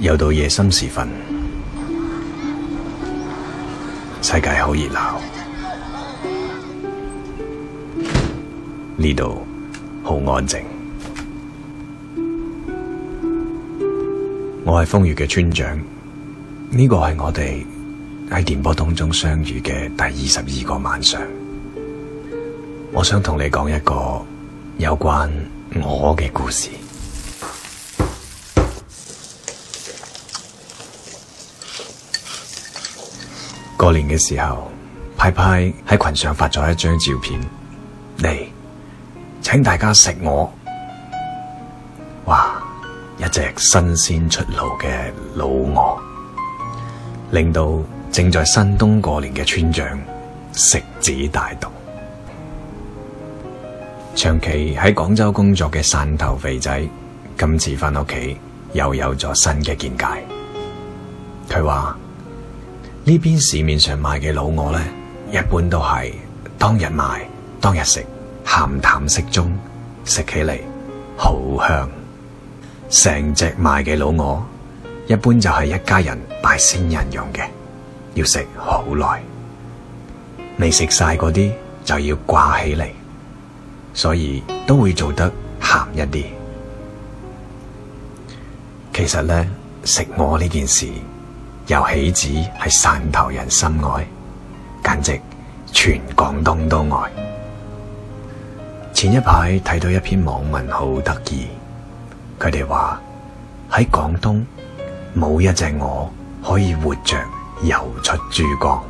又到夜深時分，世界好熱鬧，呢度好安靜。我係風雨嘅村長，呢個係我哋喺電波當中相遇嘅第二十二個晚上。我想同你講一個有關我嘅故事。過年嘅時候，派派喺群上發咗一張照片「嚟，請大家食我。」哇，一隻新鮮出爐嘅老鵝，令到正在新東過年嘅村長食指大動。長期喺廣州工作嘅汕頭肥仔，今次翻屋企又有咗新嘅見解。佢話：呢邊市面上賣嘅老鵝呢，一般都係當日賣當日食，咸淡適中，食起嚟好香。成隻賣嘅老鵝，一般就係一家人拜先人用嘅，要食好耐，未食晒嗰啲就要掛起嚟，所以都會做得咸一啲。其實呢，食鵝呢件事。油喜子係汕頭人心愛，簡直全廣東都愛。前一排睇到一篇網文，好得意，佢哋話喺廣東冇一隻鵝可以活着游出珠江，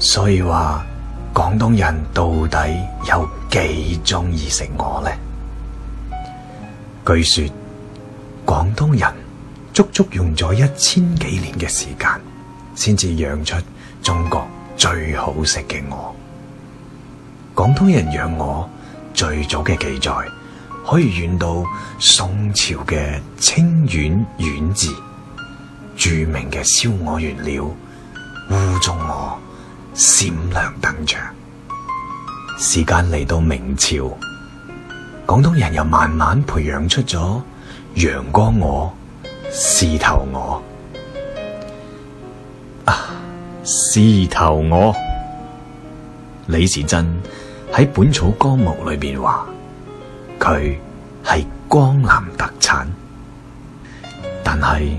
所以話廣東人到底有幾鍾意食鵝呢？據說廣東人。足足用咗一千幾年嘅時間，先至養出中國最好食嘅鵝。廣東人養鵝最早嘅記載，可以遠到宋朝嘅清遠縣志，著名嘅燒鵝原料烏鬃鵝閃亮登場。時間嚟到明朝，廣東人又慢慢培養出咗陽光鵝。獅頭鵝，啊，獅頭鵝，李時珍喺《本草綱目》裏邊話佢係江南特產，但係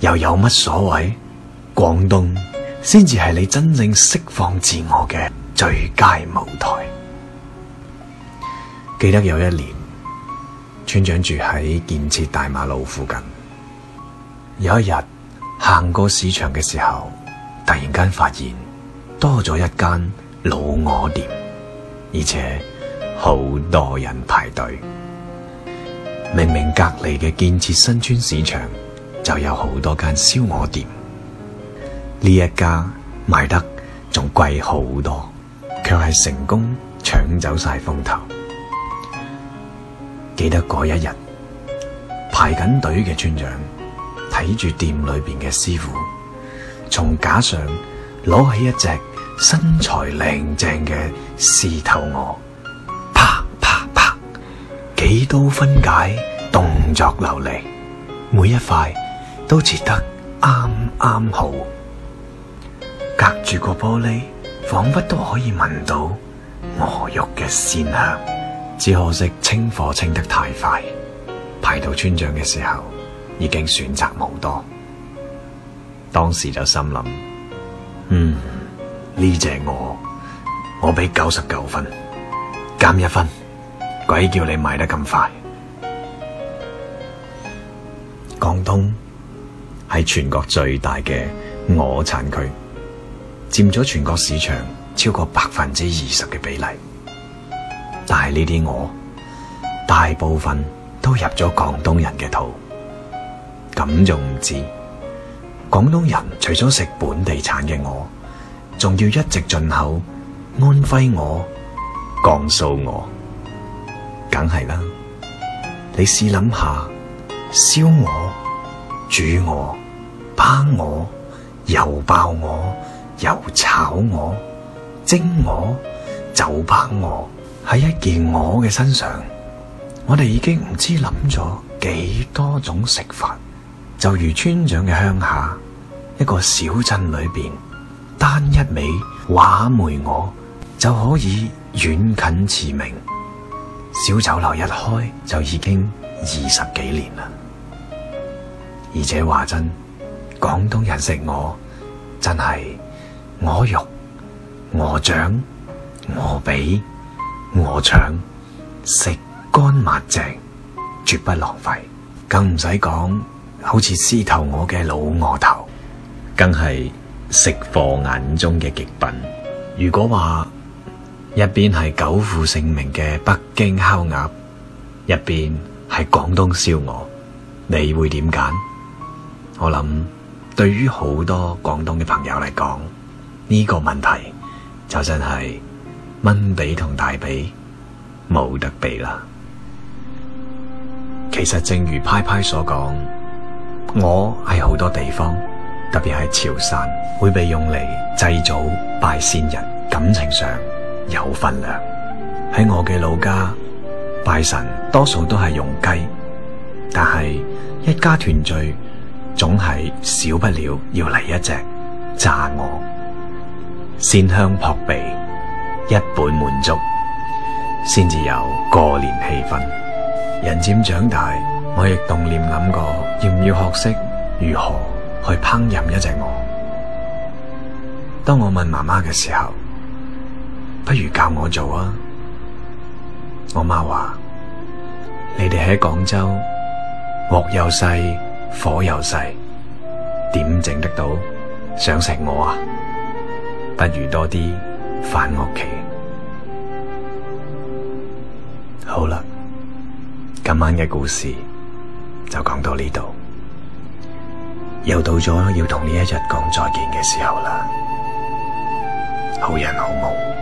又有乜所謂？廣東先至係你真正釋放自我嘅最佳舞台。記得有一年，村長住喺建設大馬路附近。有一日行過市場嘅時候，突然間發現多咗一間老鵝店，而且好多人排隊。明明隔籬嘅建設新村市場就有好多間燒鵝店，呢一家賣得仲貴好多，卻係成功搶走晒風頭。記得嗰一日排緊隊嘅村長。睇住店裏邊嘅師傅，從架上攞起一隻身材靚正嘅獅頭鵝，啪啪啪，幾刀分解，動作流利，每一塊都切得啱啱好。隔住個玻璃，彷彿，都可以聞到鵝肉嘅鮮香。只可惜清貨清得太快，排到村長嘅時候，已經選擇好多，當時就心諗，嗯，呢隻鵝，我俾九十九分，減一分，鬼叫你賣得咁快！廣東係全國最大嘅鵝產區，佔咗全國市場超過百分之二十嘅比例，但係呢啲鵝，大部分都入咗廣東人嘅肚。咁就唔知。廣東人除咗食本地產嘅鵝，仲要一直進口安徽鵝、江蘇鵝，梗係啦。你試諗下，燒鵝、煮鵝、烹鵝、油爆鵝、油炒鵝、蒸鵝、酒烹鵝，喺一件鵝嘅身上，我哋已經唔知諗咗幾多種食法。就如村長嘅鄉下一個小鎮裏邊，單一味話梅鵝就可以遠近馳名。小酒樓一開就已經二十幾年啦。而且話真，廣東人食鵝真係鵝肉、鵝掌、鵝髀、鵝腸，食乾抹淨，絕不浪費，更唔使講。好似獅頭鵝嘅老鵝頭，更係食貨眼中嘅極品。如果話一邊係久負盛名嘅北京烤鴨，一邊係廣東燒鵝，你會點揀？我諗，對於好多廣東嘅朋友嚟講，呢個問題就真係蚊髀同大髀冇得比啦。其實正如派派所講。我喺好多地方，特別係潮汕，會被用嚟祭祖拜先人，感情上有分量。喺我嘅老家，拜神多數都係用雞，但係一家團聚總係少不了要嚟一隻炸鵝，鮮香撲鼻，一本滿足，先至有過年氣氛。人漸長大。我亦動念諗過，要唔要學識如何去烹飪一隻鵝？當我問媽媽嘅時候，不如教我做啊！我媽話：你哋喺廣州鑊又細，火又細，點整得到？想食我啊？不如多啲返屋企。好啦，今晚嘅故事。就講到呢度，又到咗要同呢一日講再見嘅時候啦，好人好夢。